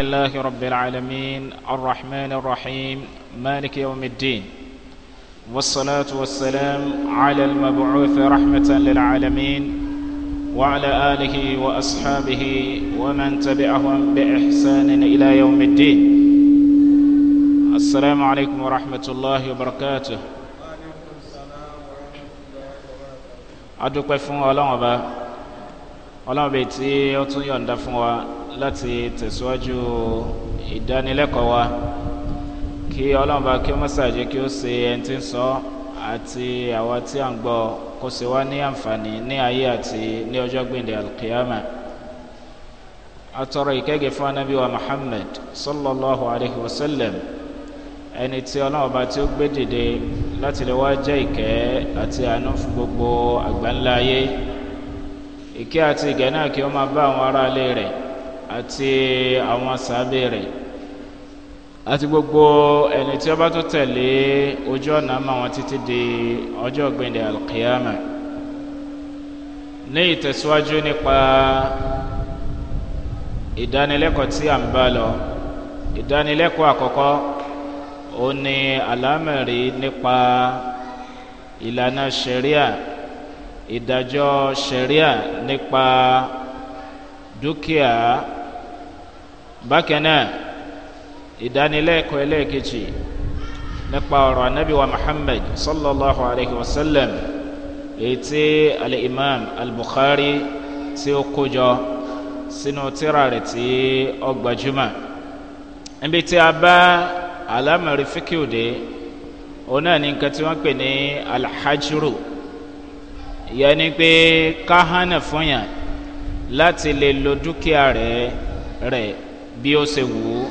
الله رب العالمين الرحمن الرحيم مالك يوم الدين والصلاة والسلام على المبعوث رحمة للعالمين وعلى آله وأصحابه ومن تبعهم بإحسان إلى يوم الدين السلام عليكم ورحمة الله وبركاته أدوك فون ألعبا ألعبا تي أتون يندفون láti tẹ̀síwájú ìdánilẹ́kọ̀ọ́ wa kí ọlọ́run bá kí ó mọ́sàájẹ́ kí ó ṣe ẹni tí ń sọ àti àwa tí à ń gbọ́ kó ṣe wá ní àǹfààní ní ayé àti ní ọjọ́ gbìndẹ̀ alkiyama atọrọ ìkẹ́gẹ́ fún anabi wa muhammed sallallahu alayhi wa sallam ẹni tí ọlọ́run bá tí ó gbé dìde láti lè wá jẹ́ ìkẹ́ àti àánú fún gbogbo àgbáńlá ayé ìkẹ́ àti ìgẹ̀ náà kí ó máa bá àwọn aráalé rẹ̀ àti àwọn sábẹ́ rẹ̀ àti gbogbo ẹni tí ó bá tó tẹ̀lé ojú ọ̀nà àmọ́ àwọn títí di ọjọ́ ọ̀gbìnrin alkiyama ní ìtẹ̀síwájú nípa ìdánilẹ́kọ̀ọ́ tí à ń bá lọ ìdánilẹ́kọ̀ọ́ àkọ́kọ́ ó ní àlámẹ̀rí nípa ìlànà sẹ̀ríà ìdájọ́ sẹ̀ríà nípa dúkìá bákan náà ìdánilẹ́kọ̀ọ́ ẹlẹ́ẹ̀kejì nípa ọ̀rọ̀ anabi wa muhammed sallallahu alayhi wa sallam èyí tí al-imam al-bukhari tí ó kójọ sínú tíra rẹ̀ tí ó gbajúmọ̀ níbi tí a bá alámọ̀rí fíkìwòde òun náà ní nǹkan tí wọ́n pè ní alhajru ìyẹn pé káhánà fún yàn láti lè lo dúkìá rẹ̀ rẹ̀ bí ó ṣe wù ú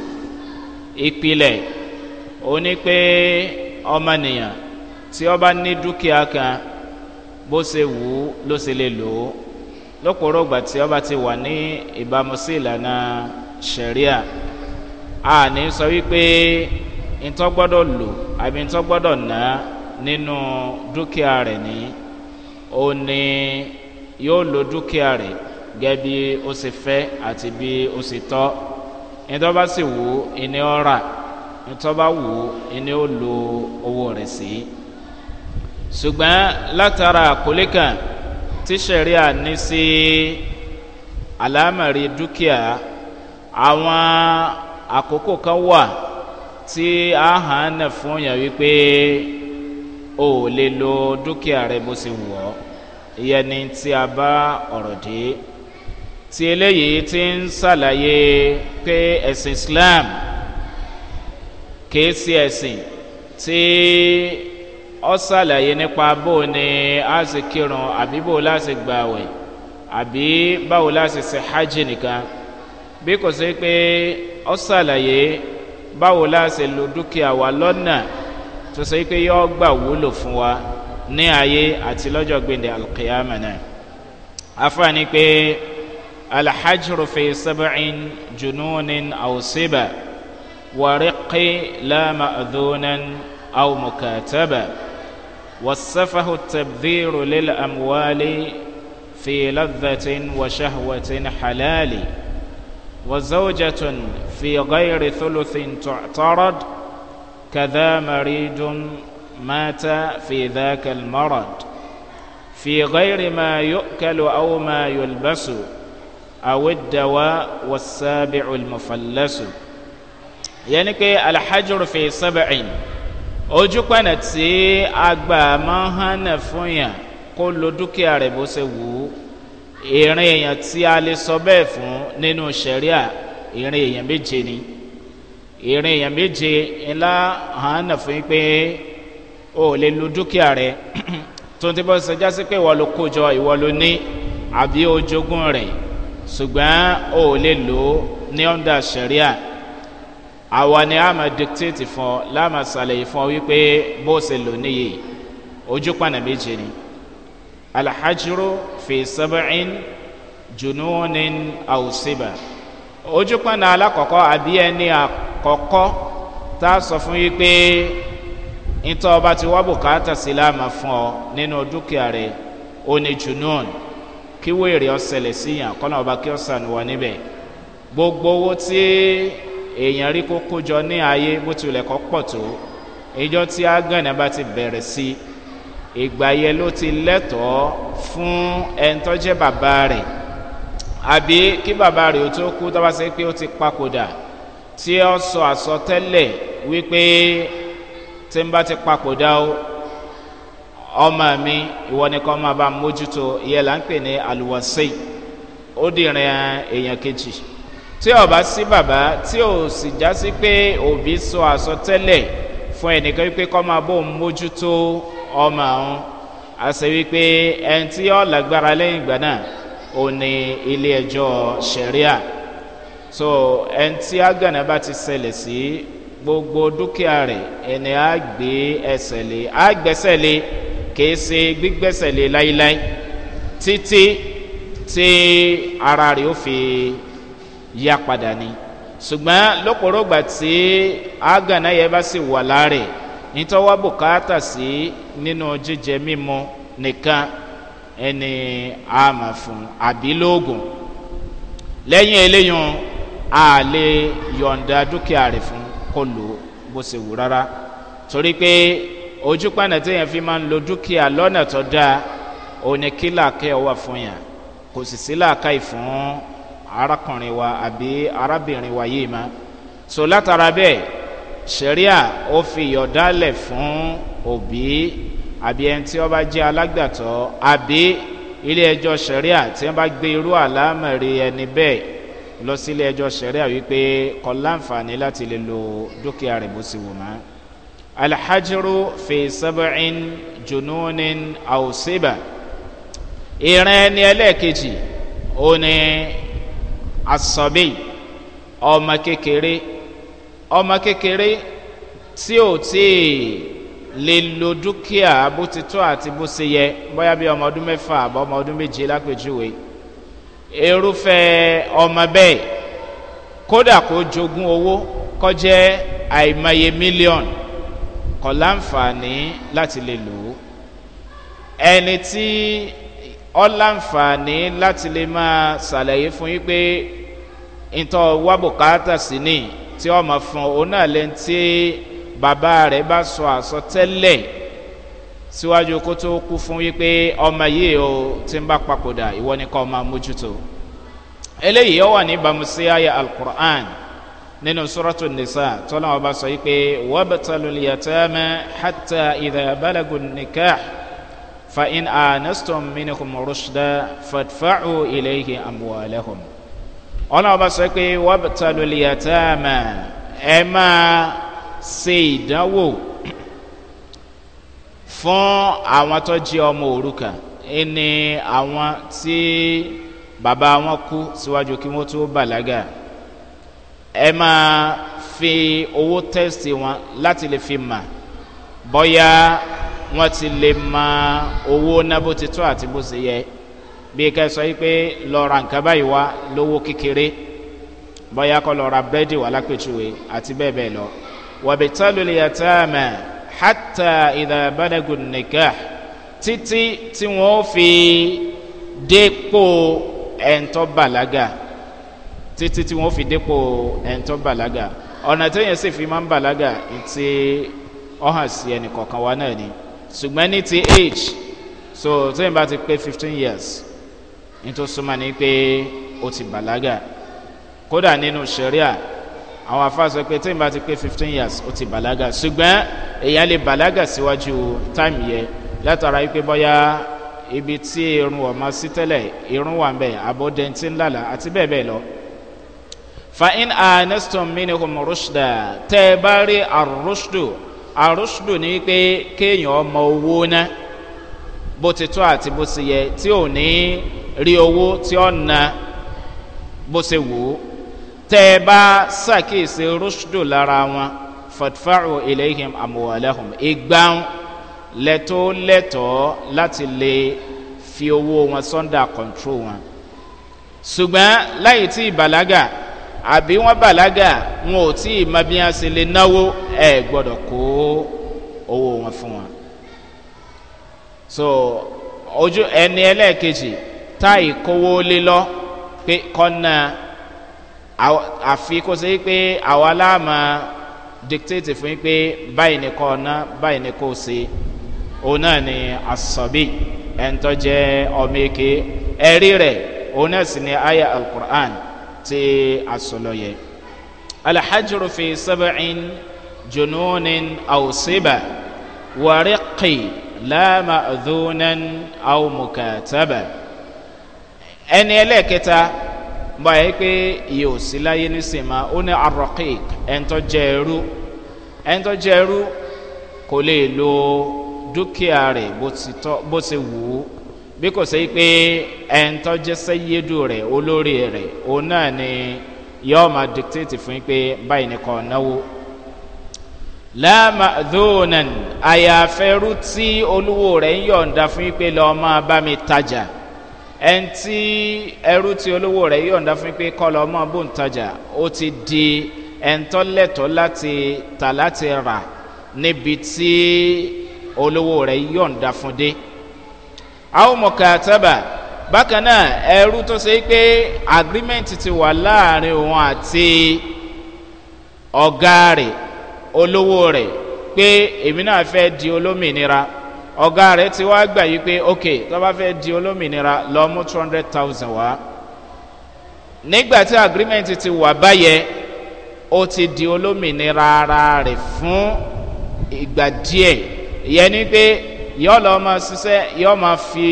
ìpìlẹ̀ ó ní pé ọmọnìyàn tí ó bá ní dúkìá kan bó ṣe wù ú ló ṣe lè lò ó lọ́pọ̀rọ̀ ìgbà tí ọba ti wà ní ìbámu sí ìlànà sẹ̀ríà a ní sọ wípé ntọ́ lò àbí ntọ́ ná nínú dúkìá rẹ̀ ní ó ní yóò lo dúkìá rẹ̀ gẹ́gẹ́ bí ó ṣe fẹ́ àti bí ó ṣe tọ́ ẹ̀dọ́ bá sì wò ó ẹni ọ́ rà ẹ̀tọ́ bá wò ó ẹni ó lo owó rẹ̀ sí. ṣùgbọ́n látara àkọlé kan tí sí àlámọ̀rí dúkìá àwọn àkókò kan wà tí a hàn án nà fún yàn wípé o ò lè lo dúkìá rẹ bó ṣe wù ọ́ ìyẹn ni tí a bá ọ̀rọ̀ dé tí eléyìí ti ń ṣàlàyé pé ẹ̀sìn islam kìí sí ẹ̀sìn tí ọ ṣàlàyé nípa bó ni a ṣe kírun àbí bó láti gbàwẹ̀ àbí báwo láti ṣe hajj nìkan bí kò sí pé ọ ṣàlàyé báwo láti lo dúkìá wa lọ́nà tó ṣe pé yọ gbà wúlò fún wa ní ayé àti lọ́jọ́ gbèndé alqiyama náà afáàní pé. الحجر في سبع جنون أو سبا ورق لا مأذونا أو مكاتبا والسفه التبذير للأموال في لذة وشهوة حلال وزوجة في غير ثلث تعترض كذا مريض مات في ذاك المرض في غير ما يؤكل أو ما يلبس awo dawa wasaabi olmufalasu yẹni pé alhajjur fi sábàcin ojú pàna tí agbà máa hàn náà fún yàn kó lo dúkìá rẹ̀ bó ṣe wù ú ìrìn èèyàn tí a lè sọ bẹ́ẹ̀ fún nínú sẹ̀ríà ìrìn èèyàn méje ni ìrìn èèyàn méje ńlá hàn fún yín pé o ò lè lo dúkìá rẹ̀ tó ń tẹ́ bọ́ sọ jásí pé ìwọ ló kó jọ ìwọ ló ní àbí ojogún rẹ̀ ṣùgbọ́n o ò lè lò ó ní ọ̀ndà sẹ̀ríà àwa ni a máa dictate fún ọ láàmà ṣàlàyé fún ọ wípé bó ṣe lò níyì ojú pàna méje ni alhajiro fi sábàcín junuunin ausiba ojú pàna alákọ̀ọ́kọ́ àbí ẹni àkọ́kọ́ tá a sọ fún yí pé ìtọ́ ọba ti wá bùkátà sí láàmà fún ọ nínú dúkìá rẹ̀ ó ní junuun kí wéèrè ọ̀sẹ̀lẹ̀ sí yàn kọ́nà ọba kí ọ̀sà ni wọ́n níbẹ̀ gbogbo owó tí èèyàn rí kó kójọ ní ayé bó tilẹ̀ kọ́ pọ̀ tó ìjọ tí agànnà bá ti bẹ̀rẹ̀ sí ìgbà yẹn ló ti lẹ́tọ̀ọ́ fún ẹni tó jẹ́ bàbá rẹ̀ àbí kí bàbá rẹ̀ ó tó kú tó bá ṣe pé ó ti papòdà tí ó sọ àsọtẹ́lẹ̀ wípé tí ń bá ti papòdà ó ọmọ mi ìwọ ni kọ́ máa bá mójútó ìyẹn là ń pè ní àlùwọ̀sẹ̀ ó dìrín èèyàn kejì tí ọba sí bàbá tí ò sì já sí pé òbí sọ àsọtẹ́lẹ̀ fún ẹnìkan wípé kọ́ máa bó mójútó ọmọ àwọn àṣẹ wípé ẹni tí ó lágbára lẹ́yìn ìgbà náà ò ní ilé ẹjọ́ sẹ̀ríà so ẹni tí agànnà bá ti ṣẹlẹ̀ sí gbogbo dúkìá rẹ̀ ẹni á ẹsẹ̀ lé á lé kìí ṣe gbígbẹ́sẹ̀ lé láíláí títí tí ara rẹ̀ ó fi yá padà ni ṣùgbọ́n lọ́pọ̀lọpọ̀ tí àgànná yẹn bá sì wà láàrẹ̀ nítọ́wọ́ bùkátà sí nínú jíjẹ mímu nìkan ẹni àmà fún àbí lẹ́yìn eléyìn a lè yọ̀ǹda dúkìá rẹ̀ fún kó lò bó ṣe wù rárá torí pé ojú pàna téèyàn fi máa ń lo dúkìá lọ́nà tó dáa òní kí làákẹ́ ọ wà fún yàn kò sì sí làákàyè fún arákùnrin wa àbí arábìnrin wa yìí ma so látara bẹ́ẹ̀ sẹ̀ríà ó fi yọ̀dálẹ̀ fún òbí àbí ẹni tí wọ́n bá jẹ́ alágbàtọ́ àbí ilé ẹjọ́ sẹ̀ríà tí wọ́n bá gbé irú àlámẹ̀rí ẹni bẹ́ẹ̀ lọ sí ilé ẹjọ́ sẹ̀ríà wípé kọ́ láǹfààní láti lè lo dúkìá rẹ̀ bó ti wù mọ́ alhajiru fi sab'in jununin awsiba ìran ẹni ẹlẹ́ẹ̀kejì ó ní asọ́bí ọmọ kékeré ọmọ kékeré tí ò tí ì lè lo dúkìá bó ti tó àti bó ṣe yẹ bóyá bí ọmọ ọdún mẹ́fà àbọ̀ ọmọ ọdún méje lápèjúwe irúfẹ́ ọmọ bẹ́ẹ̀ kódà kó jogún owó kọjẹ́ àìmọye mílíọ̀nù kọ̀ láǹfààní láti lè lò ó ẹni tí ọ láǹfààní láti lè máa ṣàlàyé fún yín pé ìtọ́ wá bùkátà sí ni tí ọmọ fún òun náà lẹ́ni tí bàbá rẹ̀ bá sọ àsọtẹ́lẹ̀ síwájú kó tó kú fún yín pé ọmọ yìí o ti ń bá papòdà ìwọ ni kọ́ máa mójútó eléyìí ó wà níbàámu sí àyà alukur'an nínú sọ́rọ́tù nìsa tọ́lá ọba sọ yìí pé wọ́bẹ̀tàlùyàtàmẹ́ hàtà ìdàbálẹ̀gùn nìkà fa'in anastom minikum rushda fadfa'u ilayhi amwalahum ọlọ́run ọba sọ pé wọ́bẹ̀tàlùyàtàmẹ́ ẹ máa ṣe ìdánwò fún àwọn tó jẹ ọmọ òrukà ẹni àwọn tí bàbá wọn kú síwájú kí wọ́n tó bàlágà ẹ máa fi owó tẹ́sítì wọn láti lè fi mà bọ́yá wọ́n ti lè mọ owó ná bó ti tó àti bó ṣe yẹ bí ká sọ yìí pé lọ́ọ̀ra nǹkan báyìí wá lówó kékeré bọ́yá kọ́ lọ́ọ̀ra búrẹ́dì wà lápẹ̀tùwé àti bẹ́ẹ̀ bẹ́ẹ̀ lọ. wàbí tálólè yàtàmà hátà ìdàbàdàgùn nìkà títí tí wọ́n fi dépò ẹ̀ńtọ́ bàlágà títí tí wọ́n fi dépò ẹ̀ńtọ́ bàlágà ọ̀nà téèyàn sì fi máa ń bàlágà ti ọ̀hàn sí ẹnì kọ̀ọ̀kan wa náà ni ṣùgbọ́n ní ti age so téèyàn bá ti pé fifteen years nítorí súnmọ́ ni pé ó ti bàlágà kódà nínú sẹ̀ríà àwọn afáà sọ pé téèyàn bá ti pé fifteen years ó ti bàlágà ṣùgbọ́n èèyàn lè bàlágà síwájú táìmù yẹn látara wípé bọ́yá ibi tí irun wọ̀ máa sí tẹ́lẹ̀ irun wà ń bẹ̀ abọ́dẹ́ntì àti bẹ́ẹ̀ bẹ́ẹ̀ lọ fa'in anastom minihum rushda tẹ́ ẹ bá rí arusdu arusdu ni pé kéèyàn ọmọ owó ná bó ti tó àti bó ti yẹ tí ò ní rí owó tí ó na bó ṣe wò ó tẹ́ ẹ rushdu lára wọn fatfaru ilayhim amuwalahum ìgbàun lẹ́tọ́ lẹ́tọ́ láti lè fi owó wọn sọ́ndà kọ̀ntró wọn ṣùgbọ́n láì tí ìbàlágà àbí wọ́n bàlágà wọn ò tí ì mọ bí wọ́n ṣe lè náwó ẹ̀ gbọ́dọ̀ kó owó wọn fún wọn. so ojú ẹni ẹlẹ́ẹ̀kejì táì kówó lé lọ pé kọ́nà àfi kó ṣe pé àwa láàmà dictate fún yín pé báyìí ni kọ́ ọ̀nà báyìí ni kò ṣe òun náà ni asọ̀bí ẹ̀ńtọ́ jẹ́ ọmọ èké ẹ̀rí rẹ̀ òun náà sì ni aya alukur'an àti àsọlọyẹ alhajru fi sab'in jununin awsiba wariqi lama dhunan aw mukataba ẹni ẹlẹ́ẹ̀kẹta bá yẹ pé yóò sí láyé nísìnyí ó ní arọ́kìk ẹ̀ńtọ́ jẹ́ ẹrú ẹ̀ńtọ́ jẹ́ lo dúkìá rẹ̀ bó bí kò sí pé ẹ̀ńtọ́jẹ́ sẹ́yẹ́dù rẹ̀ olórí rẹ̀ òun náà ni yọ́ọ́ máa dictate fún pé báyìí ni kò náwó láàmàdúnan àyàfẹ́rú tí olúwo rẹ̀ ń yọ̀ǹda fún pé lọ́ọ́ máa bá mi tajà ẹn tí ẹrú tí olúwo rẹ̀ yọ̀ǹda fún pé kọ́ lọ́ọ́ máa bò ó ti di ẹ̀ńtọ́ láti tà láti rà níbi tí olúwo rẹ̀ yọ̀ǹda fún dé àwọn mọ̀kàtàbà bákan náà ẹrú tó ṣe pé agreement ti wà láàrin òun àti ọ̀gá rẹ̀ olówó rẹ̀ pé èmi náà fẹ́ di olómìnira ọ̀gá rẹ̀ ti wá gbà yí pé ok tó bá fẹ́ di olómìnira lọ mú two hundred thousand wá nígbà tí agreement ti wà báyẹn ó ti di olómìnira ara rẹ̀ fún ìgbà díẹ̀ ìyẹn ni pé yọ́ lọ́ máa ṣiṣẹ́ yọ́ máa fi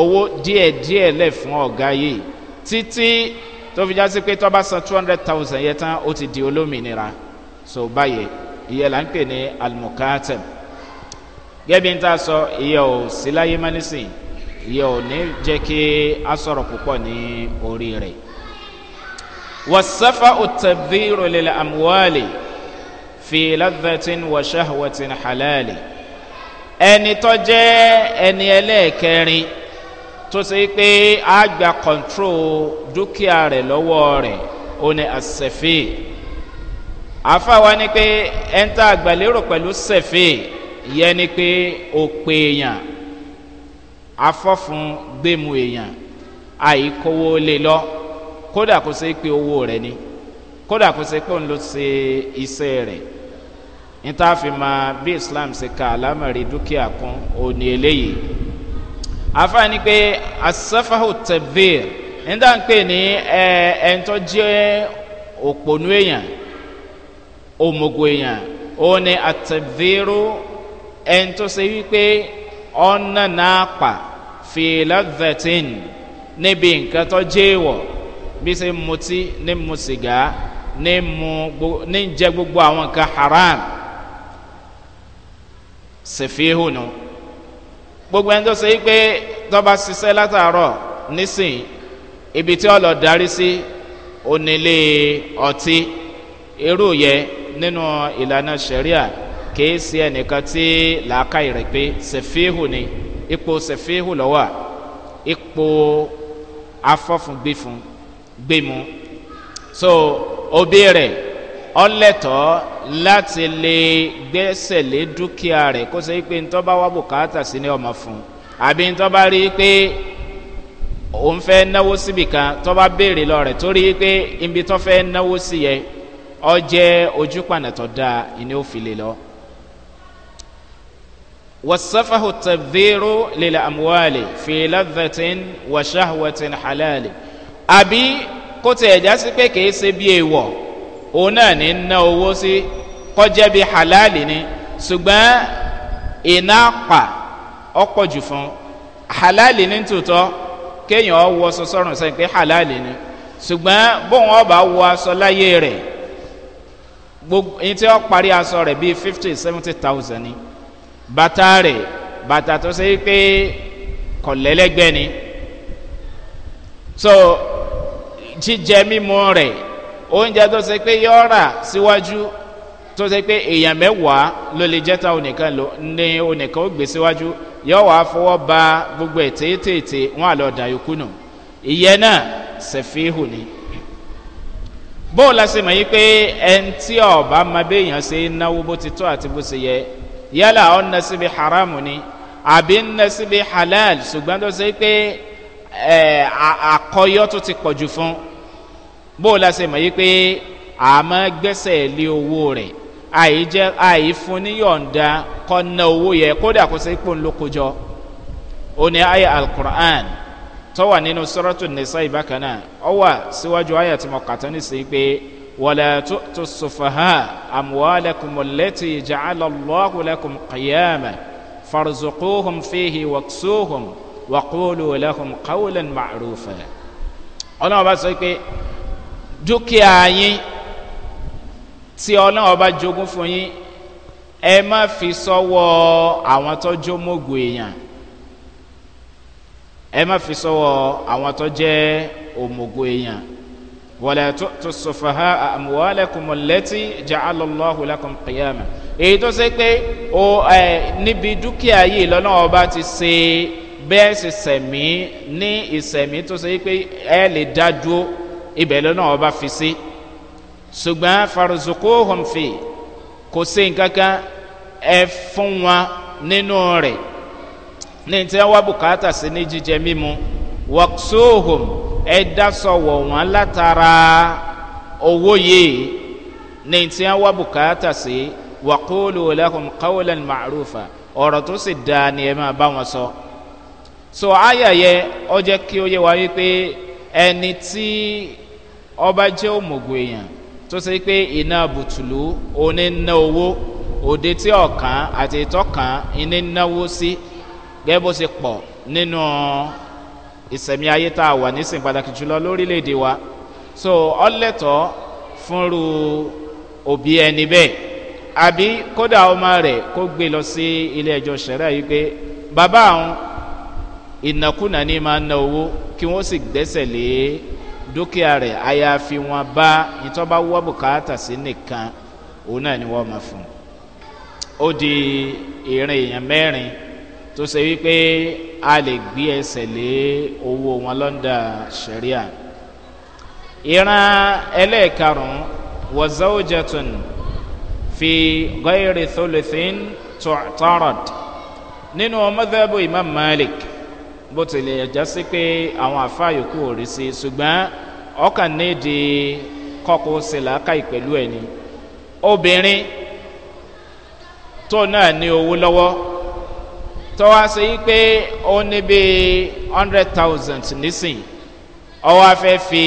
owó díẹ̀díẹ̀ lẹ̀ fún ọ̀gá yìí títí tó fi já sí pé tọ́ba san two hundred thousand yẹn tán ó ti di olómìnira so báyìí ìyẹn là ń pè ní almukatem gẹ́bí ń tà sọ ìyẹn ò sí láyé má nísìn ìyẹn ò ní jẹ́ kí a sọ̀rọ̀ púpọ̀ ní orí rẹ̀ wasafa utabiru lil amuwaali fi ladhatin wa halali. ẹni tó jẹ́ ẹni ẹlẹ́ẹ̀kẹrin tó ṣe pé a gba kọ̀ǹtró dúkìá rẹ̀ re rẹ̀ ó ní àṣẹfẹ́ àfàwa ni pé ẹ̀ńtà àgbàlérò pẹ̀lú ṣẹfẹ́ yẹn ni pé o pe èèyàn afọ́fun gbẹ̀mú èèyàn àìkówó lè lọ kódà kó ṣe pé owó ni kódà kó ṣe pé òun ló ṣe nítafìmọ̀ bí islam ṣe ka alámọ̀rí dúkìá kún òní eléyìí àfààní pé asafahu tẹ̀bíir níta ń pè ní ẹ ẹ̀ńtọ́ jẹ́ òpònú èèyàn òmùgò èèyàn òun ni àtẹ̀bíirú ẹ̀ńtọ́ ṣe wípé ọ̀nà náà pa fìlà thirteen níbi nǹkan tó jẹ́ ìwọ̀ bí ṣe mutí ní mu sìgá ní jẹ gbogbo àwọn nǹkan haram. sèfihù gbogbo ẹni tó ṣe yí pé tọ́ba ṣiṣẹ́ látàárọ̀ nísìnyí ibi tí ọlọ́ darí sí onílé ọtí irú yẹ nínú ìlànà sẹ̀ríà kìí ṣe ẹnìkan tí làákàyè rẹ̀ pé sèfihù ni ipò sèfihù lọ́wọ́ ipò afọ́fun gbé fún so òbí rẹ. ọlẹ́tọ̀ láti lè gbẹ́sẹ̀ lé dúkìá rẹ̀ kó ṣe pé ntọ́ bá wá bùkátà sí ní ọmọ fún un àbí ntọ́ bá rí i pé òun fẹ́ náwó síbì kan tọ́ bá béèrè lọ rẹ̀ torí pé ibi tọ́ fẹ́ náwó sí yẹ ọ ojú pànà tó ìní ò lọ. wasafahu tabiru lila amuwaale fila vatin washahwatin halali àbí kó tẹ̀ ẹ̀já sí pé kìí ṣe bí èèwọ̀. òun náà ní ná owó sí kọjá bíi halali ni ṣùgbọ́n iná pa ọ̀pọ̀ jù fún halali ní tòótọ́ kéèyàn wọ aṣọ sọ́run sẹ́yìn pé halali ni ṣùgbọ́n bóun ọba wọ aṣọ láyé gbogbo tí wọ́n parí aṣọ rẹ̀ bíi fifty seventy thousand ni bàtà rẹ̀ bàtà ni so jíjẹ rẹ̀ oúnjẹ tó ṣe pé yọ rà síwájú tó ṣe pé èèyàn mẹ́wàá ló lè jẹ́ta onìkan lò ní onìkan ó gbé síwájú yọ wàá fọwọ́ ba gbogbo ètètètè wọn àlọ́ dàyókù nù ìyẹn náà ṣẹ̀fíhù ni bóò la ṣe mọ̀ yí pé ẹni tí ọba máa béèyàn ṣe náwó bó ti tó àti bó ṣe yẹ yálà ọ̀ na síbi haramu ni àbí ń na síbi halal ṣùgbọ́n tó ṣe pé àkọyọ́ tó ti pọ̀jù fún un bó o lásẹ̀ mọ̀ yí pé àmọ́ gbẹ́sẹ̀ lé owó rẹ̀ àyè jẹ́ àyè fún níyọ̀ǹda kọ́nà owó yẹ kódà kó sẹ́yìn pò ń lókojọ́ ó ní àyè alukur'an tó wà nínú sọ́rọ́tù nìsa ìbákan náà ọ wà síwájú àyè tí mo kàtọ́ ní sèyí pé wàlẹ̀ tó tó sọfàhà àmúhálẹ́kùn mọ̀lẹ́tì ìjà alọ́lọ́kùnlẹ́kùn kìyàmẹ́ farzukuhum fihi waksuhum wakulu lẹ́kùn kawulẹ̀ màrúfẹ́ ọlọ́run bá sọ pé dúkìá yín tí ọlọ́run ọba jogún fún yín ẹ má fi sọ́wọ́ àwọn tó jó mógò èèyàn ẹ má fi sọ́wọ́ àwọn tó jẹ́ òmògò èèyàn wọlé tó sọfàhà àmúwálẹ́kùnmọ̀ lẹ́tí jẹ́ alọ́lọ́hùn lẹ́kùn kìyàmù èyí tó ṣe pé ó ẹ níbi dúkìá yìí lọ́nà ọba ti ṣe bẹ́ẹ̀ sì sẹ̀mí ní ìsẹ̀mí tó ṣe pé ẹ lè dá ibẹ̀ lọ́nà ọba fi sí ṣùgbọ́n farzoko homfe kò sí nkankan ẹ fún wọn nínú rẹ̀ ní tí wọ́n bùkátà sí ní jíjẹ mímu wọ́ksóhom ẹ dásọ̀wọ̀ wọn látara owó yìí ní tí wọ́n bùkátà sí wàkúlù lẹ́hùn káwọlẹ̀ màrúfà ọ̀rọ̀ tó sì dáa ni ẹ máa bá wọn sọ. so ayẹyẹ ọjọ́ kí ó yẹ ẹni tí. ọba jẹ́ òmùgọ̀ èèyàn tó ṣe pé iná bùtùlù òní ná owó òde tí ọ̀kan àti ìtọ́kan iná náwó sí gẹ́gẹ́ bó ṣe pọ̀ nínú ìsẹ̀mí ayé tá a wà nísìn pàtàkì jùlọ lórílẹ̀‐èdè wa so ọlẹ́tọ̀ fúnru òbí ẹni bẹ́ẹ̀ àbí kódà ọmọ rẹ̀ kó gbé lọ sí ilé ẹjọ́ sẹ́rà yìí pé bàbá àwọn ìnákúnà ni máa ń ná owó kí wọ́n sì gbẹ́sẹ̀ lé dúkìá rẹ̀ àyàfi wọn bá ìtọ́ba wọ́ bùkátà sí nìkan òun náà ni wọ́n máa fún un ó di ìrìn èèyàn mẹ́rin tó ṣe wípé a lè gbé ẹsẹ̀ lé owó wọn lọ́ndà sẹ̀ríà ìran ẹlẹ́ẹ̀karùn-ún wọ́zọ́wọ́jẹ̀tún fi gọ́ìrì tólùfín tọ́rọ̀d nínú mọ́tẹ́bù imam malik bó tilẹ̀ já sí pé àwọn àfa yòókù ò rí sí ṣùgbọ́n ọkàn nídi kọ́kọ́ ṣe làákàyè pẹ̀lú ẹ̀ ni obìnrin tó náà ní owó lọ́wọ́ tó wá sí pé ó ní bíi hundred thousand nísìn ọwọ́ afẹ́ fi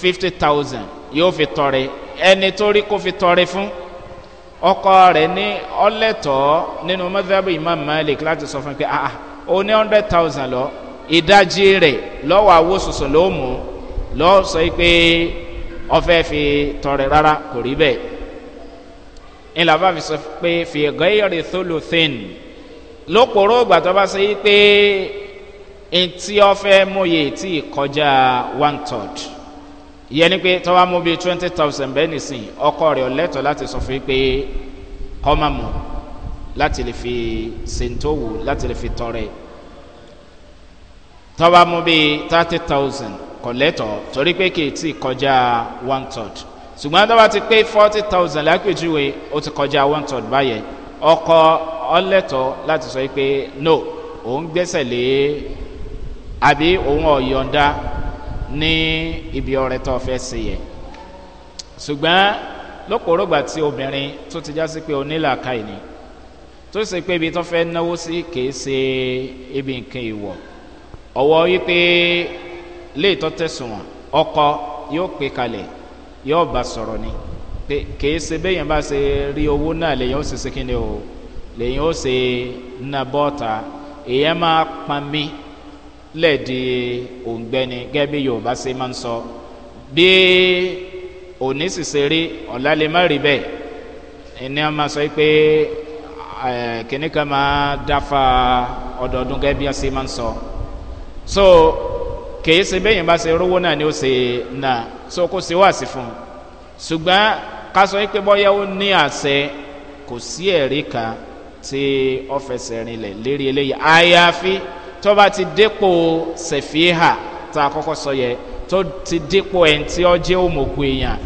fifty thousand yóò fi tọrẹ ẹni tó rí kó fi tọrẹ fún ọkọ rẹ ní ọlẹ́tọ̀ọ́ nínú mọ́tàbí imam malik láti sọ fún pé ah ah ó hundred thousand lọ ìdajì rẹ̀ lọ́wọ́ àwo sùsùn ló mú lọ́ sọ pé ọfẹ́ fi tọrẹ rárá kò rí bẹ́ẹ̀ ńlá bá fi sọ pé fi gẹ́rì tholothin lóporó ìgbà tó bá sọ pé ntí ọfẹ́ mòye tí kọjá one third ìyẹn ni pé tọ́wá mú bíi twenty thousand bẹ́ẹ̀ nìsín ọkọ rẹ̀ ọ̀lẹ́tọ̀ láti sọ fún yín pé kọ́ máa mú láti lè fi ṣèǹtòwò láti lè fi tọrẹ tọ́ba mú bíi thirty thousand kọ̀lẹ́tọ̀ torí pé kì í ti kọjá one third ṣùgbọ́n tọ́ba ti pé forty thousand lápèjúwe ó ti kọjá one third báyẹn ọkọ ọlẹ́tọ̀ láti sọ pé no òun gbẹ́sẹ̀ lé e àbí òun ọ̀yọ̀ǹda ní ibi ọ̀rẹ́ tó fẹ́ sí yẹ ṣùgbọ́n lókòrógbà tí obìnrin tó ti já sí pé onílàkàyè ni tó sì pé ibi tó fẹ́ náwó sí kì í ṣe ibi nǹkan ìwọ̀ ọwọ́ wípé léètọ́ tẹ̀sùn ọkọ yóò pè kalẹ̀ yóò bá sọ̀rọ̀ ni kèé se béèyàn bá se rí owó náà lèyìn ó ṣe ṣe o lèyìn ó ṣe ná bọ́ọ̀ta èèyàn máa pọn di òǹgbẹ́ni gẹ́gẹ́ yorùbá ṣe máa ń sọ bí òní sì rí ọ̀la má rí bẹ́ẹ̀ ẹni a máa sọ pé kìnnìkan máa dáfa ọdọọdún gẹ́gẹ́ bí máa ń sọ. So so kèé se bẹ́yìn bá se rówó náà ni ó se náà so kó se wá sí fún un ṣùgbọ́n ká sọ pé bọ́yá ó ní àṣẹ kò sí ẹ̀rí kan tí ó rinlẹ̀ lérí eléyìí àyàfi tó ti dépò sẹ̀fíhà tá a kọ́kọ́ sọ yẹ tó ti dépò ẹ̀ tí ó jẹ́ òmògùn èèyàn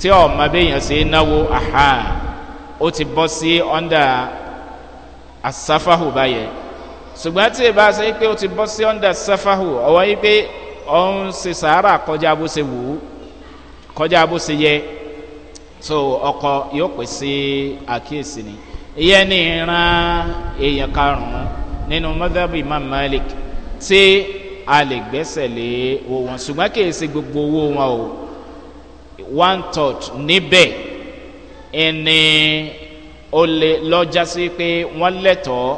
tí ọ̀ma náwó ó ti bọ́ sí under asáfáhù báyẹn. ṣùgbọ́n tí ì bá ṣe pé o ti bọ́ sí ọ̀ndà sáfàhù ọ̀wọ́ yìí pé ọ̀hún ṣe sàárà kọjá bó ṣe wù ú kọjá bó ṣe yẹ so ọkọ yóò pèsè àkíyèsí ni ìyẹn ní ìran èèyàn karùn-ún nínú mọ́tàbí imam malik tí a lè gbẹ́sẹ̀ lé owó wọn ṣùgbọ́n kì í ṣe gbogbo owó wọn o one third níbẹ̀ ẹni ó lè lọ́jà sí pé wọ́n lẹ́tọ̀ọ́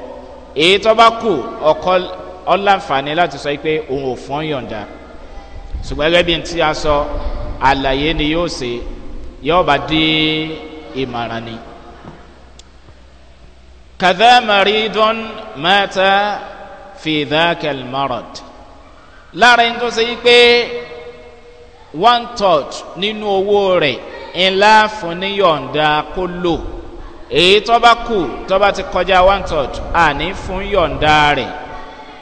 èyí tó bá kù ọkọ ọláǹfààní láti sọ pé òun ò fọ́n yọ̀ǹda ṣùgbọ́n gẹ́gẹ́ bí ti a sọ àlàyé ni yóò ṣe yóò bá dé ìmọ̀ràn ni. kàdá màrídọ́n mẹ́ta fìdákẹ́l mọ́rọ̀d láàrin tó ṣe pé one third nínú owó rẹ̀ ńlá fún níyọ̀ǹda kó lò èyí tó bá kù tó bá ti kọjá one third àní fún yọ̀ǹda rẹ̀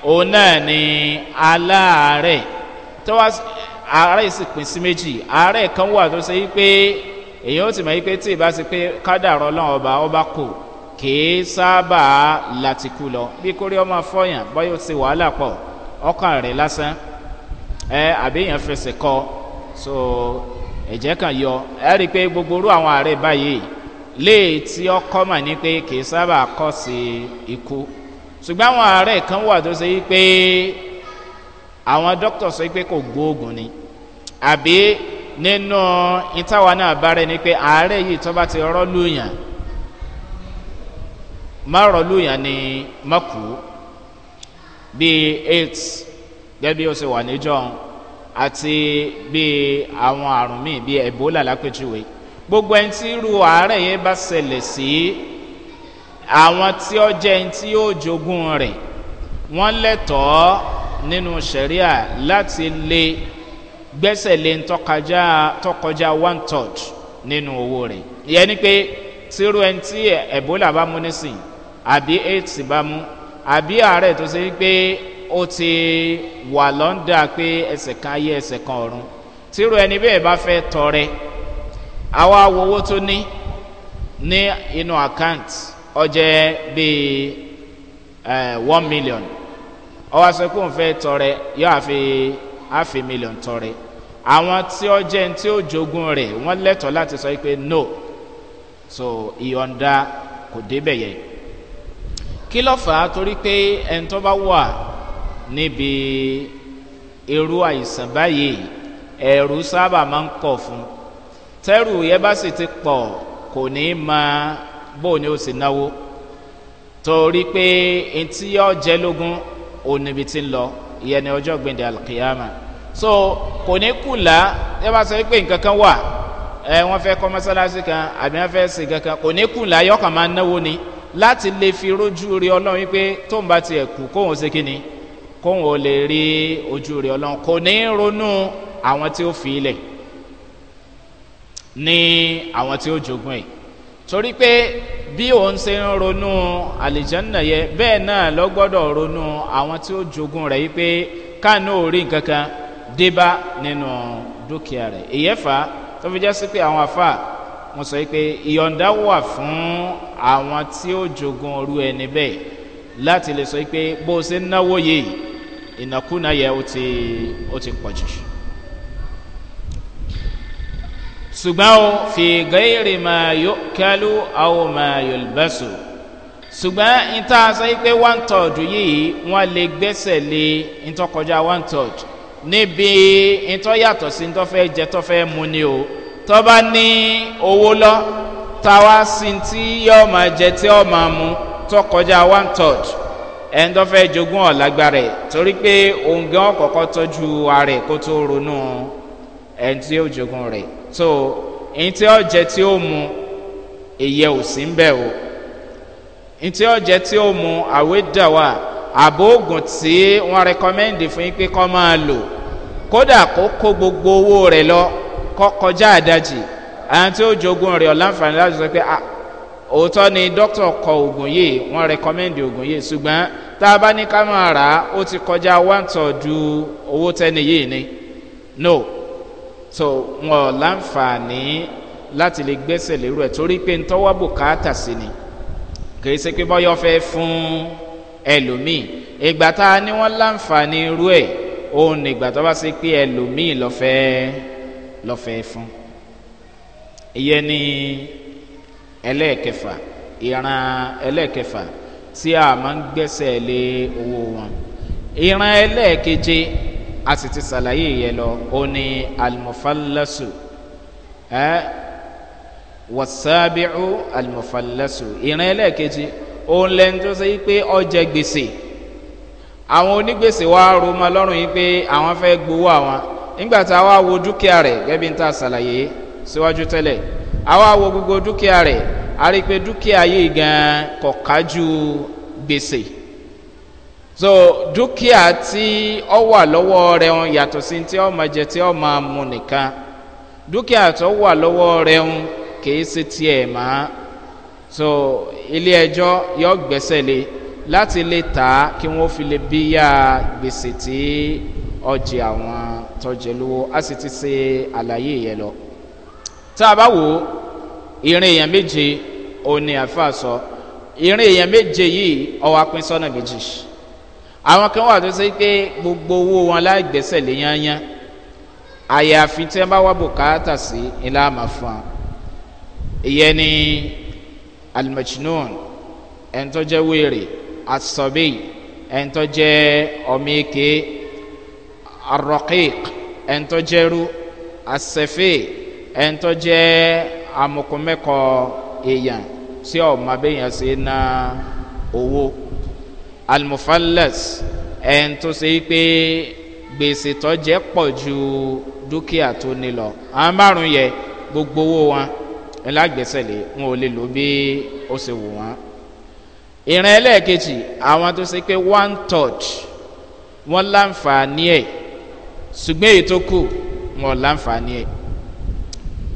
òun náà ni aláàárẹ̀ tó wá àárẹ̀ sì pín sí méjì àárẹ̀ kan wà tó ṣe wípé èyí ó ti mọ̀ wípé tí ìbá ti pé kádàrọ̀ ọlọ́run ọba ọba kù kìí sábà làtìkù lọ bí kórè ọmọ fọyàn bọ́yọ̀ ti wàhálà pọ̀ ọkàn rẹ̀ lásán ẹ àbíyàn fẹsẹ̀ kọ so ẹ̀jẹ̀ kan yọ ẹ rí i pé gbogbo orú àwọn àárẹ̀ báyìí léè tí ọkọ mà ní pé kì í sábà kọ́ sí ikú ṣùgbọ́n àwọn ààrẹ kan wà tó ṣe wípé àwọn dókítà sọ pé kò gbóògùn ni àbí nínú ìtawà náà bára ni pé ààrẹ yìí tó bá ti rọ́ lùyàn má rọ́ lùyàn ni má bíi eight gẹ́gẹ́ ó ṣe wà níjọ́ àti bíi àwọn àrùn míì bíi ebola lápẹ́jùwe gbogbo ẹni tí irú àárẹ̀ yẹn bá ṣẹlẹ̀ sí àwọn tí ó jẹ́ ẹni tí yóò jogún rẹ̀ wọ́n lẹ́tọ̀ọ́ nínú sẹ̀ríà láti lè gbẹ́sẹ̀ lé tọkọjá one third nínú owó rẹ̀ ìyẹn ni pé tírú ẹni tí ẹ̀bólà bá mú nísìn àbí aids bá mú àbí àárẹ̀ tó ṣe pé ó ti wà lọ́ńdà pé ẹsẹ̀ kan ayé ẹsẹ̀ kan ọ̀run tírú ẹni bẹ́ẹ̀ bá fẹ́ tọrẹ àwa owó tó ní ní inú account ọjẹ́ bíi one million ọwọ́ aṣọ pé òun fẹ́ tọrẹ yóò àfi half a million tọrẹ àwọn tí ó jẹ́ ní tí ó jogún rẹ̀ wọ́n lẹ́tọ̀ọ́ láti sọ pé no so ìyọ̀ǹda kò débẹ̀ yẹn kí ló fà á torí pé ẹni tó bá wà níbi irú àìsàn báyìí ẹ̀rù sábà máa ń kọ̀ fún un tẹ́rù yẹn bá sì ti pọ̀ kò ní ma bó ni ó sì náwó torí pé etí yọ lógún oníbi ti ń lọ ìyẹn ni ọjọ́ gbẹ̀dẹ̀ alkiyama so kò ní kùlà yẹn bá sọ pé nǹkan kan wà ẹ wọn fẹ́ kọ́ mọ́sálásí kan àbí wọn fẹ́ sìn kankan kò ní kùlà yọkàn máa náwó ni láti lè fi rojú rí ọlọ́run pé tóun bá tiẹ̀ kù kóun ṣe kí ni kóun ò lè rí ojú rí ọlọ́run kò ní ronú àwọn tí ó fi ilẹ̀ ní àwọn tí ó jogún ẹ̀ torí pé bí òun ṣe ń ronú àlìjánná yẹ bẹ́ẹ̀ náà lọ gbọ́dọ̀ ronú àwọn tí ó jogún rẹ̀ yìí pé káànú orí nǹkan kan débá nínú dúkìá rẹ̀ ìyẹ́fà tó fi jẹ́ sí pé àwọn àfà wọn sọ pé ìyọ̀ǹda wà fún àwọn tí ó jogún orú ẹni bẹ́ẹ̀ láti lè sọ pé bó o ṣe ń náwó yìí ìnákúnayẹ ó ti pọ̀ jù. ṣùgbọ́n o fi gẹ́rì máa yọ kẹ́lú àwọn máa yọ lùbẹ́sù ṣùgbọ́n níta sọ pé one third yìí wọ́n lè gbẹ́sẹ̀ lé ntọ́kọjá one third níbi ntọ́ yàtọ̀ sí ntọ́ fẹ́ jẹ tọ́ fẹ́ mu ni o tọ́ bá ní owó lọ táwa sí tí yọ máa jẹ tí ọ máa mu tọkọjá one third ẹni fẹ́ jogún ọ̀lágbára ẹ̀ torí pé òun gan tọ́jú ara ẹ̀ kó tó ronú ẹni tí jogún rẹ̀ so èyí tí ọ̀jẹ̀ tí ó mu èyẹ ò sí ń bẹ̀ o èyí tí ọ̀jẹ̀ tí ó mu àwédàwà àbò oògùn tí wọ́n rẹ́kọ́mẹ́ndì fún yín pé kọ́ máa lò kódà kó kó gbogbo owó rẹ̀ lọ kọ́ kọjá àdájì àwọn tí ó jogun rẹ̀ ọ̀láǹfààní láti sọ pé òótọ́ ni dókítà kọ oògùn yìí wọ́n rẹ́kọ́mẹ́ndì oògùn yìí ṣùgbọ́n tá a bá ní ká máa rà á ó ti kọjá one third owó tẹ́ni yìí ni no so wọn ò láǹfààní láti lè gbẹ́sẹ̀ lérò ẹ̀ torí pé ń tọ́wọ́ bùkátà sí ni kì í ṣe pé bọ́yọ̀ fẹ́ fún ẹlòmíì ìgbà tá a ní wọ́n láǹfààní irú ẹ̀ òun nígbà tó bá ṣe pé ẹlòmíì lọ́fẹ́ lọ́fẹ́ fún ìyẹn ni ẹlẹ́ẹ̀kẹfà ìran ẹlẹ́ẹ̀kẹfà tí a máa ń gbẹ́sẹ̀ lé owó wọn ìran ẹlẹ́ẹ̀keje a sì ti sàlàyé yẹ lọ ó ní alimufalasu ẹ wasaabicu alimufalasu ìran ẹlẹ́ẹ̀kejì òun lẹ́nu tó ṣe pé ọjẹ́ gbèsè àwọn onígbèsè wa roma lọ́rùn yìí pé àwọn fẹ́ gbowó àwọn nígbà tá a wá wo dúkìá rẹ̀ gẹ́bí ń ta sàlàyé síwájú tẹ́lẹ̀ a wá wo gbogbo dúkìá rẹ̀ a rí i pé dúkìá yìí gan kọ̀ọ̀kájú gbèsè so dúkìá tí ọ wà lọ́wọ́ rẹ̀ ń yàtọ̀ sí tí ọ máa jẹ tí ọ máa mú nìkan dúkìá tó wà lọ́wọ́ rẹ̀ ń kìí ṣe tiẹ̀ má so ilé ẹjọ́ yọ gbẹ́sẹ̀ lé láti lè tà á kí wọ́n fi lè bíyà gbèsè tí ọjì àwọn tọ́jẹ̀ lówó a sì ti ṣe àlàyé yẹn lọ tá a bá wò ó irin èèyàn méje òun àfa sọ irin èèyàn méje yìí ọwọ́ apín méjì. So, àwọn kan wà tó ṣe pé gbogbo owó wọn láì gbẹ́sẹ̀ lé yányán àyàfi tí wọ́n bá wá bùkátà sí ilá àmà fún un ìyẹn ni almajnun ẹ̀ńtọ́ jẹ́ wéèrè asọ̀bí ẹ̀ńtọ́ jẹ́ ọmọ èké arọ́kík ẹ̀ńtọ́ èèyàn tí ọ̀ma bẹ́yàn ṣe ná owó almufalas ẹn tó ṣe pé gbèsè tó jẹ́ pọ̀ ju dúkìá tó ní lọ àwọn márùn yẹ gbogbo owó wọn ẹlágbèsèlè wọn ò lè lò bí ó ṣe wù wọn. ìrìn ẹlẹ́ẹ̀kejì àwọn tó ṣe pé one touch wọn láǹfààní ẹ̀ ṣùgbọ́n èyí tó kù wọn láǹfààní ẹ̀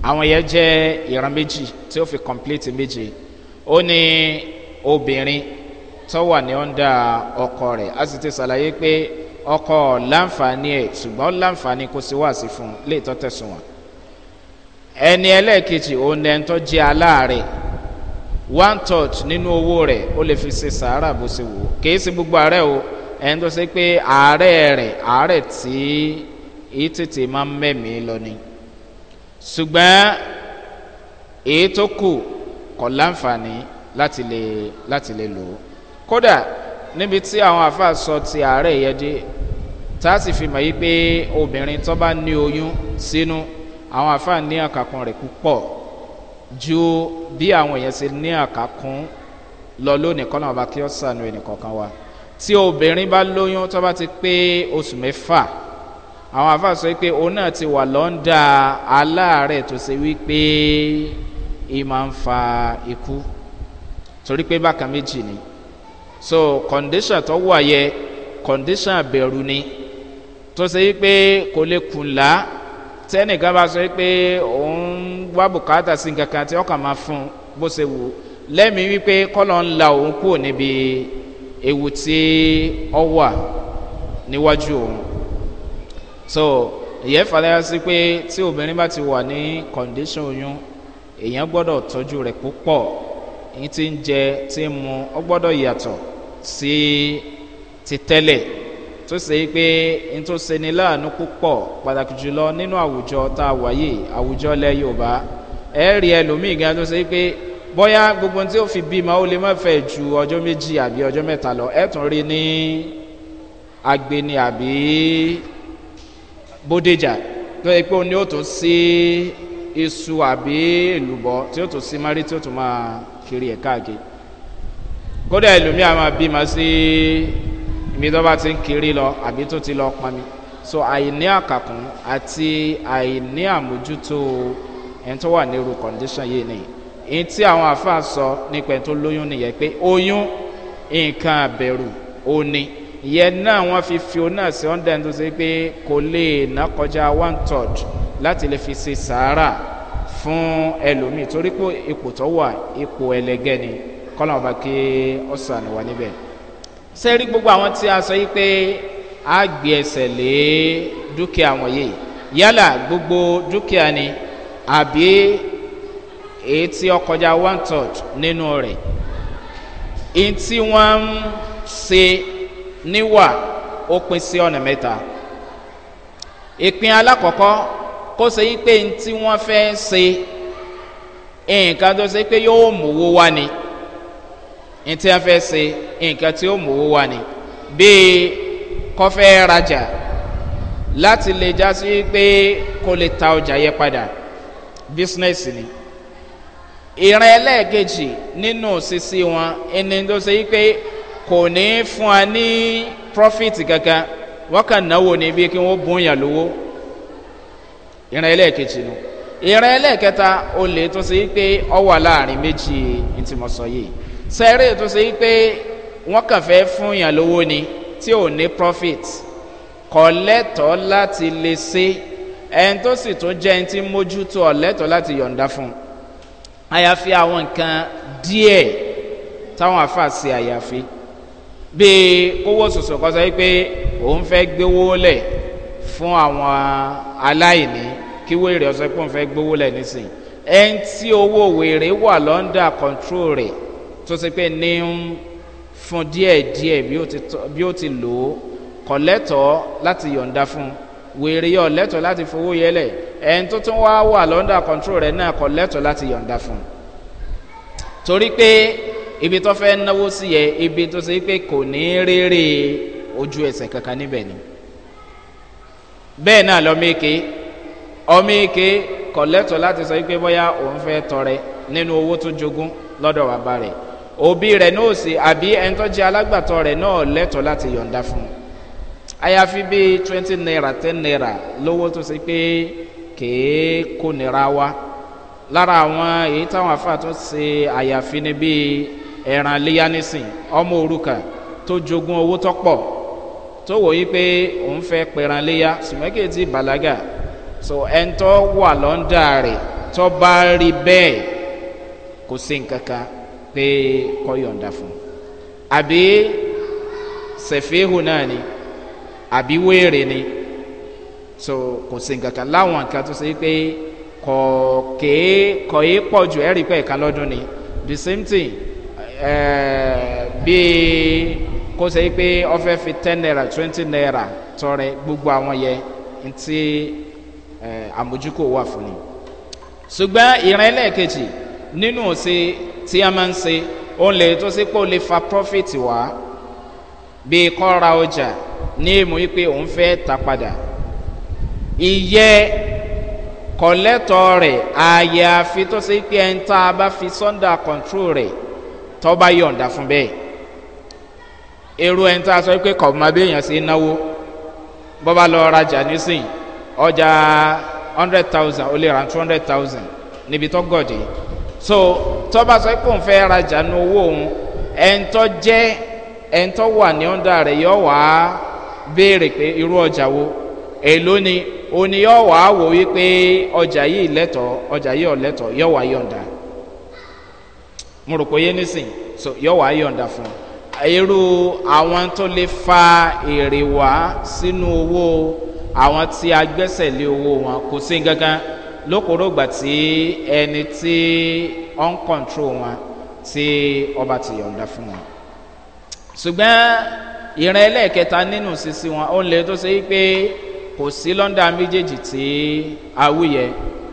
àwọn yẹn jẹ́ ìran méjì tí ó fi complete méjì ó ní obìnrin tó wà ní ọ̀ndà ọkọ rẹ̀ a sì ti ṣàlàyé pé ọkọ láǹfààní ẹ̀ ṣùgbọ́n láǹfààní kò sí wá sí fún lè tọ́ tẹ̀sùn wọn. ẹni ẹlẹ́ẹ̀kejì òun ni ẹni tó jẹ́ aláàárẹ̀ one touch nínú owó rẹ̀ ó lè fi ṣe sàárà bó ṣe wò ó kìí ṣe gbogbo àárẹ̀ o ẹni tó ṣe pé àárẹ̀ rẹ̀ àárẹ̀ tí èyí tètè máa ń mẹ́mí lọ ni ṣùgbọ́n èyí tó kù kọ̀ láǹfààní láti lè láti lè lò ó kódà níbi tí àwọn àfa sọ ti àárẹ̀ yẹn dé tá a sì fi mọ̀ yí pé obìnrin tó bá ní oyún sínú àwọn àfa ní àkàkùn rẹ̀ púpọ̀ ju bí àwọn èèyàn ṣe ní àkàkùn lọ lónìí kọ́nà ọba kí ó sànù ẹnìkọ̀ọ̀kan wa tí obìnrin bá lóyún tó bá ti pé oṣù mẹ́fà àwọn àfa sọ pé òun náà ti wà lọ́ńdà aláàárẹ̀ tó ṣe wípé ì ń fa ikú torí pé bákan méjì ni so condition tó wà condition kọ̀ǹdíṣà bẹ̀rù ni tó ṣe pé kò lè kùnlá tẹ́nìkan bá sọ pé òun wá bùkátà sí kankan tí ọkàn máa fún bó ṣe wù lẹ́mìí wípé kọ́lọ̀ ń la òun kúrò níbi ewu tí ọ wà níwájú òun so ìyẹn fàlẹ́yà sí pé tí obìnrin bá ti wà ní kọ̀ǹdíṣàn oyún èèyàn gbọ́dọ̀ tọ́jú rẹ̀ púpọ̀ èyí tí ń jẹ tí ń mu ọ gbọ́dọ̀ yàtọ̀ sí ti tẹ́lẹ̀ tó ṣe pé n tó ṣe ni láàánú púpọ̀ pàtàkì jùlọ nínú àwùjọ tá a wà yìí àwùjọ lẹ yorùbá ẹ rí ẹlòmíì gan tó ṣe pé bóyá gbogbo tí ó fi bímọ ó lè má fẹ́ ju ọjọ́ méjì àbí ọjọ́ mẹ́ta lọ ẹ tún rí ní agbeni àbí bódèjà tó yẹ pé ó ó tún sí iṣu àbí èlùbọ́ tí ó tún sí márí tí ó tún máa kiri ẹ̀ káàkiri kódà ẹlòmí a máa bímọ sí ibi tó bá ti ń kiri lọ àbí tó ti lọ pọnmi so àìní àkàkùn àti àìní àmójútó ẹni tó wà ní irú condition yìí ni èyí tí àwọn àfáà sọ nípa ẹni tó lóyún nìyẹn pé oyún nǹkan àbẹ̀rù òní ìyẹn náà wọ́n fi fi òun náà sí ọ̀ndẹ̀ tó ṣe pé kò lè ná kọjá one third láti lè fi ṣe sàárà fún ẹlòmíì torí pé ipò tó wà ipò ẹlẹgẹ́ ni kọ́lọ́n ọba kí ó sànù wá níbẹ̀. sẹ́rí gbogbo àwọn tí a sọ yìí pé a gbé ẹsẹ̀ lé dúkìá wọn yìí yálà gbogbo dúkìá ni àbí èyí tí ó kọjá one third nínú rẹ̀ èyí tí wọ́n ń ṣe níwà ó pín sí ọ̀nà mẹ́ta ìpín alákọ̀ọ́kọ́ kó ṣe yí pé ní tí wọ́n fẹ́ ṣe nǹkan tó ṣe pé yóò mówó wá ni ntí wọn fẹ́ ṣe nǹkan tí ó mòwó wa ni bíi kọfẹ́ rajà láti lè já pé kò lè ta ọjà yẹ padà bísínẹ́sì ni ìran ẹlẹ́ẹ̀kejì nínú sisi wọn ẹni tó ṣe pé kò ní fún wa ní profit kankan wọ́n kàn náwó ni bí kí wọ́n bún yàn lówó ìran ẹlẹ́ẹ̀kejì nù ìran ẹlẹ́ẹ̀kẹta olè tó ṣe pé ọ wà láàrin méjì ntìmọ̀sọ yìí sẹ́rẹ̀ tó ṣe pé wọ́n kàn fẹ́ fún yàn lówó ni tí ò ní profit kọ́ lẹ́tọ̀ọ́ láti lè ṣe ẹni tó sì tún jẹ́ ẹni tí mójútó ọ̀lẹ́tọ̀ọ́ láti yọ̀ǹda fún un àyàfi àwọn nǹkan díẹ̀ táwọn àfa ṣe àyàfi bíi kówó sòsò kọ́ sọ pé òun fẹ́ gbówó lẹ̀ fún àwọn aláìní kí wèrè ọ̀sẹ̀ pé òun fẹ́ gbówó lẹ̀ nísìnyí ẹni tí owó wèrè wà lọ́ndà control rẹ̀ tó ṣe pé ní ń fún díẹ̀díẹ̀ bí ó ti lò ó kọ̀ lẹ́tọ̀ọ́ láti yọ̀ǹda fún wèrè yọ̀ lẹ́tọ̀ọ́ láti fowó yẹlẹ̀ ẹni tó tún wá wà lọ́ndà control rẹ̀ náà kọ̀ lẹ́tọ̀ọ́ láti yọ̀ǹda fún torí pé ibi tó fẹ́ náwó sí yẹ ibi tó ṣe pé kò ní rere ojú ẹsẹ̀ kankan níbẹ̀ ni bẹ́ẹ̀ náà lọ́mọ èké ọmọ èké kọ̀ lẹ́tọ̀ọ́ láti sọ pé bóyá òun fẹ́ tọrẹ nínú owó tó jogún lọ́dọ̀ bàbá rẹ̀ òbí rẹ̀ náà sì àbí ẹni tó jẹ́ alágbàtọ́ rẹ̀ náà lẹ́tọ̀ọ́ láti yọ̀ǹda fún un àyàfi bíi twenty naira ten naira lówó tó ṣe pé kèé kó nira wá lára àwọn èyí táwọn afáà tó ṣe àyàfi ni bíi ẹran léyà nísìn ọmọ òrukà tó jogún owó tó pọ̀ tó wòye pé òun fẹ́ pẹran léyà sùmọ́kì ti so ẹni tó wà lọ́ńdà rẹ̀ tó bá rí bẹ́ẹ̀ kò sí nǹkan kan pé kọ́yọ̀ǹda fún un àbí sẹ̀fíhù náà ni àbí wéèrè ni so kò sí nǹkan kan láwọn nǹkan tó ṣe pé kò kéé kò é pọ̀ jù ẹ̀rí pé ẹ̀ka lọ́dún ni the same thing bíi kó ṣe pé ọfẹ́ fi ten naira twenty naira tọrẹ gbogbo àwọn yẹn ntí àmójúkò wà fún ni ṣùgbọ́n ìrìn ẹlẹ́ẹ̀kejì nínú ṣe tí a máa ń se òun lè tó sí pé ó lè fa profit wá bíi kọ́ ra ọjà ní èmú wípé òun fẹ́ ta padà ìyẹ kọ̀lẹ́tọ̀ rẹ̀ ààyè àfi tó sí pé ẹni tá a bá fi sọ́ndà control rẹ̀ tó yọ̀ǹda fún bẹ́ẹ̀ èrò ẹni tá a sọ pé kọ̀ máa béèyàn sí náwó bọ́ bá lọ rajà nísìnyí ọjà hundred thousand ó lè ra two hundred thousand níbi tó gọ̀dì so tọ́ba sọ pé òun fẹ́ rajà ní owó òun ẹ̀ńtọ́ jẹ́ ẹ̀ńtọ́ wà ní ọ̀dà rẹ̀ yọ wá béèrè pé irú ọjà wo èló ni òní yọ wá wò wípé ọjà yìí lẹ́tọ̀ ọjà yìí ọ̀lẹ́tọ̀ yọ wá yọ̀ǹda mo yé nísìn so yọ wá yọ̀ǹda fún irú àwọn tó lè fa èrè wá sínú owó àwọn tí a gbẹ́sẹ̀ lé owó wọn kò sí gangan lókòrógbà tí ẹni tí ọ̀nkọ̀ntrol wọn tí ọba ti yọ̀ǹda fún wọn. ṣùgbọ́n ìran ẹlẹ́ẹ̀kẹta nínú sísí wọn ó lè tó ṣe pé kò sí lọ́ndà méjèèjì tí awúyẹ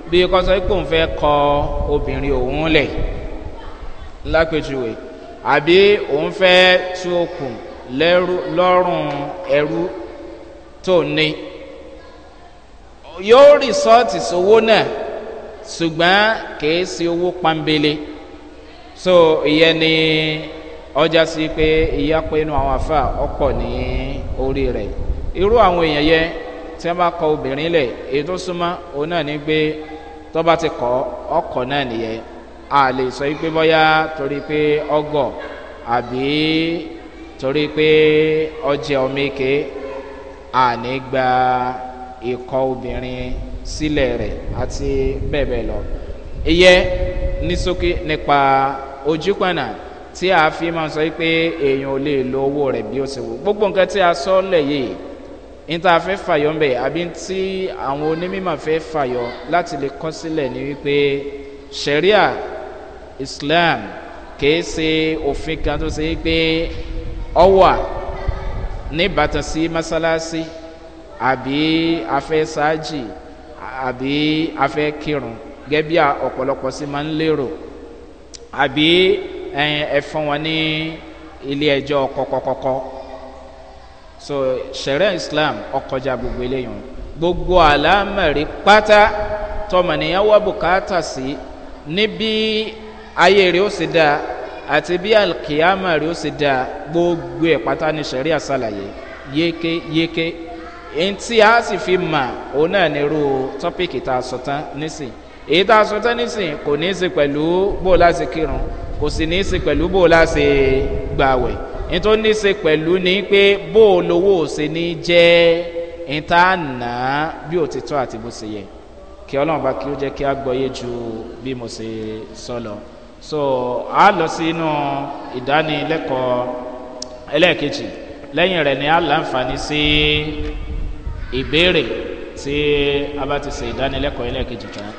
bí kò sọ pé òun fẹ́ kọ obìnrin òun lẹ̀ lápèjúwe àbí òun fẹ́ tú okùn lọ́rùn ẹrú tó ní yóò rìsọ́ọ̀tì sówó náà ṣùgbọ́n kìí ṣe owó pambele so ìyẹn ni ọjà sí pé ìyá pé inú àwọn afa ọ̀pọ̀ ní orí iru irú àwọn èèyàn yẹn tí wọ́n bá kọ obìnrin lẹ̀ èyí tó súnmọ́ òun náà ní gbé tọ́ba ti kọ́ ọkọ̀ náà nìyẹn a lè sọ pé bọ́yá torí pé ọgọ̀ àbí torí pé ọjẹ́ ọmọ èké àní gba ikọ̀ obìnrin. sílẹ̀ rẹ̀ àti bẹ́ẹ̀ bẹ́ẹ̀ lọ. ìyẹ́ ní sókè nípa ojúpọ̀nà tí a fi máa sọ pé èèyàn ò lè lo owó rẹ̀ bí ó ti wù gbogbo nǹkan tí a sọ lẹ̀ yìí níta fẹ́ fàyọ ń bẹ̀ àbí tí àwọn onímọ̀ fẹ́ fàyọ láti lè kọ́ sílẹ̀ ni wípé sharia islam kìí ṣe òfin kan tó ṣe pé ọwà níbàtàn sí mọ́sálásí àbí afẹ́sáàjì àbí afẹ́ kírun gẹ́gẹ́ bí ọ̀pọ̀lọpọ̀ sí máa ń lérò àbí ẹ fún wọn ní ilé ẹjọ́ kọ́kọ́kọ́kọ́ so sẹ̀rẹ̀ islam ọkọjà gbogbo eléyìí gbogbo àlámẹ̀rí pátá tọmọnìyàn wà bùkátà sí níbi ayé rẹ̀ ó sì dáa àti bí alkiyama rẹ̀ ó sì dáa gbogbo ẹ̀ pátá ní sẹ̀rí àsàlàyé yékéyéké. Yeke, yeke ntí a sì fi mà òun náà nírú tọ́pìkì tá a sọ tán nísìn èyí tá a sọ tán kò ní í ṣe pẹ̀lú bó láti kírun kò sì ní í ṣe pẹ̀lú bó láti gbàwẹ̀ nítorí ní í ṣe pẹ̀lú ni pé bó lowó ṣe ní jẹ́ níta nà á bí òtítọ́ àti bó ṣe yẹ kí ọlọ́run bá kí ó jẹ́ kí a gbọ́yé ju bí mo ṣe sọ lọ so a lọ sí inú ìdánilẹ́kọ̀ọ́ ẹlẹ́ẹ̀kejì lẹ́yìn rẹ̀ ni a láǹfààní sí ìbéèrè tí a bá ti ṣe ìdánilẹ́kọ̀ọ́ ilé kejì tán.